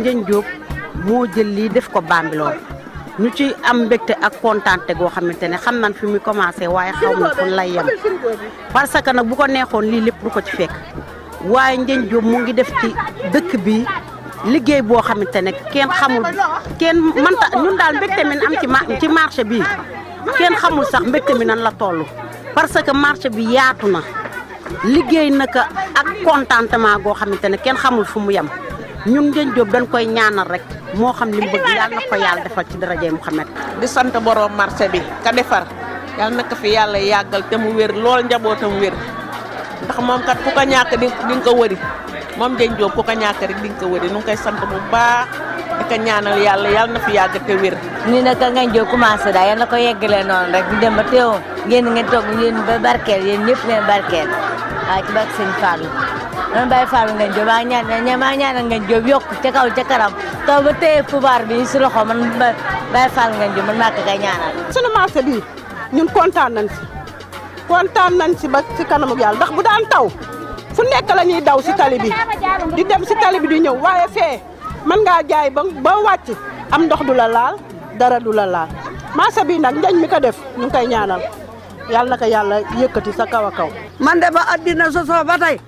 Ndiagne Diop moo jël lii def ko Bambilor ñu ci am mbégte ak kontaante goo xamante ne xam nan fi muy commencé waaye xaw na fu lay yem parce nag bu ko neexoon lii lépp du ko ci fekk waaye Ndiagne Diop mu ngi def ci dëkk bi liggéey boo xamante ne kenn xamul kenn manta ñun daal mbégte mi am ci ci marché bi kenn xamul sax mbégte mi nan la toll parce que marché bi yaatu na liggéey naka ak contentement goo xamante ne kenn xamul fu mu yem ñun ngeen job dañ koy ñaanal rek mo xam li mu bëgg yàlla na ko defal ci jey muhammad di sant borom marché bi ka defar yalla nak fi yalla yagal te mu wër lool njabotam wër ndax mom kat ku ko ñàkk di di nga ko wëri mom ngeen job ku ko ñàkk rek di nga ko wëri nu ngi sant bu baax ka ñaanal yalla yalla na fi te wir ni naka ngeen job commencé da yalla ko yeggale non rek di dem ba teew ngeen ngeen tok ngeen ba barkel yeen ñepp ngeen barkel ak ci barke Fallou man Baye Fall Ngagne Diop maa ñaan maa ñaanal Ngagne Diop yokku ca kaw ca kanam taw ba téye pouvoir bi si loxo man Baye Fall Ngagne Diop man maa ko kay ñaanal. sunu marché bi ñun kontaan nañ si kontaan nañ si ba si kanamu yàlla ndax bu daan taw fu nekk la ñuy daw si tali bi di dem si tali bi di ñëw waaye fee mën ngaa jaay ba ba wàcc am ndox du la laal dara du la laal marché bii nag njañ mi ko def ñu ngi koy ñaanal yàlla na ko yàlla yëkkati sa kaw a kaw. man de ba addina sosoo ba tey.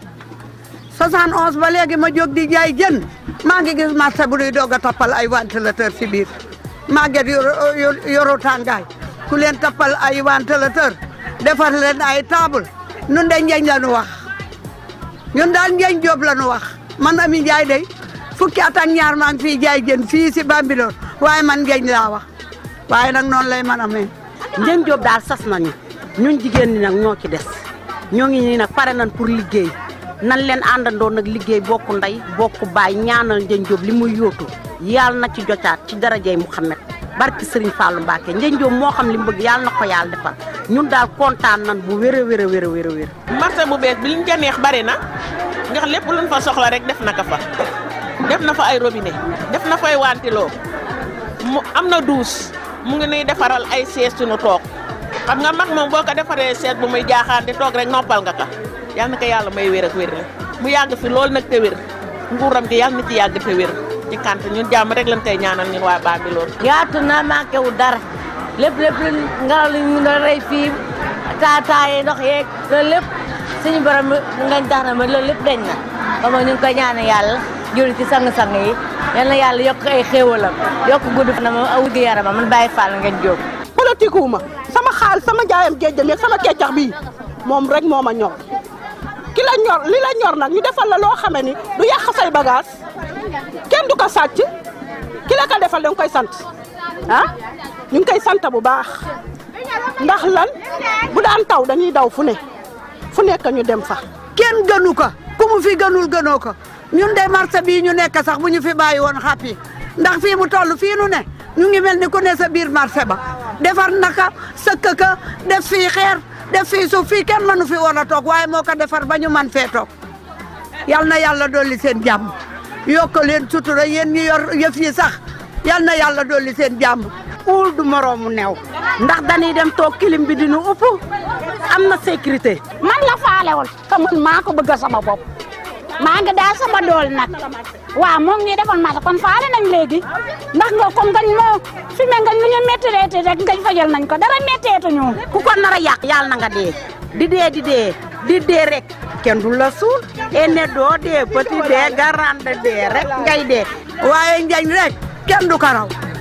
71 ba léegi ma jóg di jaay jën maa ngi gis marché bu ñuy doog a tappal ay ventilateur si biir màgget yoru tàngaay ku leen tappal ay ventilateur defar leen ay taabul ñun de njeñ la wax ñun daal njeñ joob la ñu wax man Ami Njaay day fukki at ak ñaar maa ngi fii jaay jën fii si Bambilor waaye man njeñ laa wax waaye nag noonu lay man a amee. njeñ Jóob daal sas nañu ñun jigéen ñi nag ñoo ci des ñoo ngi nii nag pare nañ pour liggéey. nan leen àndandoo nag liggéey bokk ndey bokku baay ñaanal Ndiaye Diop li muy yóotu yàlla na ci jotaat ci darajey Muhammad barki Serigne Fallou Mbacke Ndiaye Diop moo xam li mu bëgg yàlla na ko yàlla defal ñun daal kontaan nan bu wér a wér a wér wér a wér. marché bu bees bi liñ ca neex na ndax lépp luñ fa soxla rek def na ko fa def na fa ay robine def na fa ay wantiloo mu am na douche mu ngi nuy defaral ay sees nu toog xam nga mag moom boo ko defaree seet bu muy jaaxaan di toog rek noppal nga ka yal na ko yàlla may wér ak wér la mu yàgg fi loolu nag te wér nguuram gi yal na ci yàgg te wér ci kant ñun jàmm rek lañ koy ñaanal ñun waa Bambilor. yaatu na manqué wu dara lépp lépp lu ngelaw li ñu doon rey fii taataaye ndox yeeg loolu lépp suñu borom na ma loolu na comme ñu koy ñaanal yàlla jël ci sang-sang yi yal yàlla yokk ay xéewalam yokk gudd na ma awut yarama man bàyyi Fall ngeen jóg. politique wu ma sama xaal sama jaayam géej ak sama keccax bi moom rek moo a ñor. kila la ñor nag ñu defal la loo xame ni du yàq bagaas bagage kenn du ko sàcc ki la defal da koy sant ah ñu ngi koy sant bu baax ndax lan bu daan taw dañuy daw fu ne fu nekk ñu dem fa. kenn gënu ko ku mu fi gënul gënoo ko ñun de marché bii ñu nekk sax bu ñu fi bàyyi woon xàppi ndax fii mu toll fii nu ne ñu ngi mel ni ku ne sa biir marché ba defar naka sëkk ka def fii xeer. de fii suuf fii kenn mënu fi woon a toog waaye moo ko defar ba ñu man fee toog yal na yàlla dolli seen jàmm yokk leen sutura yéen ñi yor yëf yi sax yal na yàlla dolli seen jàmm uul du moroomu neew ndax dañuy dem toog kilim bi dinu upp am na sécurité man la faalewul te man maa ko bëgg sama bopp maa ngi daal sama dool nag waaw moom nii defoon maa kon faale nañ léegi ndax nga comme moo fi me ngañ lu ñu méttireeti rek ngañ fajal nañ ko dara métteetuñu ku ko nar a yàq yàlla na nga dee di dee di dee di dee rek kenn du la suul e ne doo dee petit dee garande dee rek ngay dee waaye njañ rek kenn du ko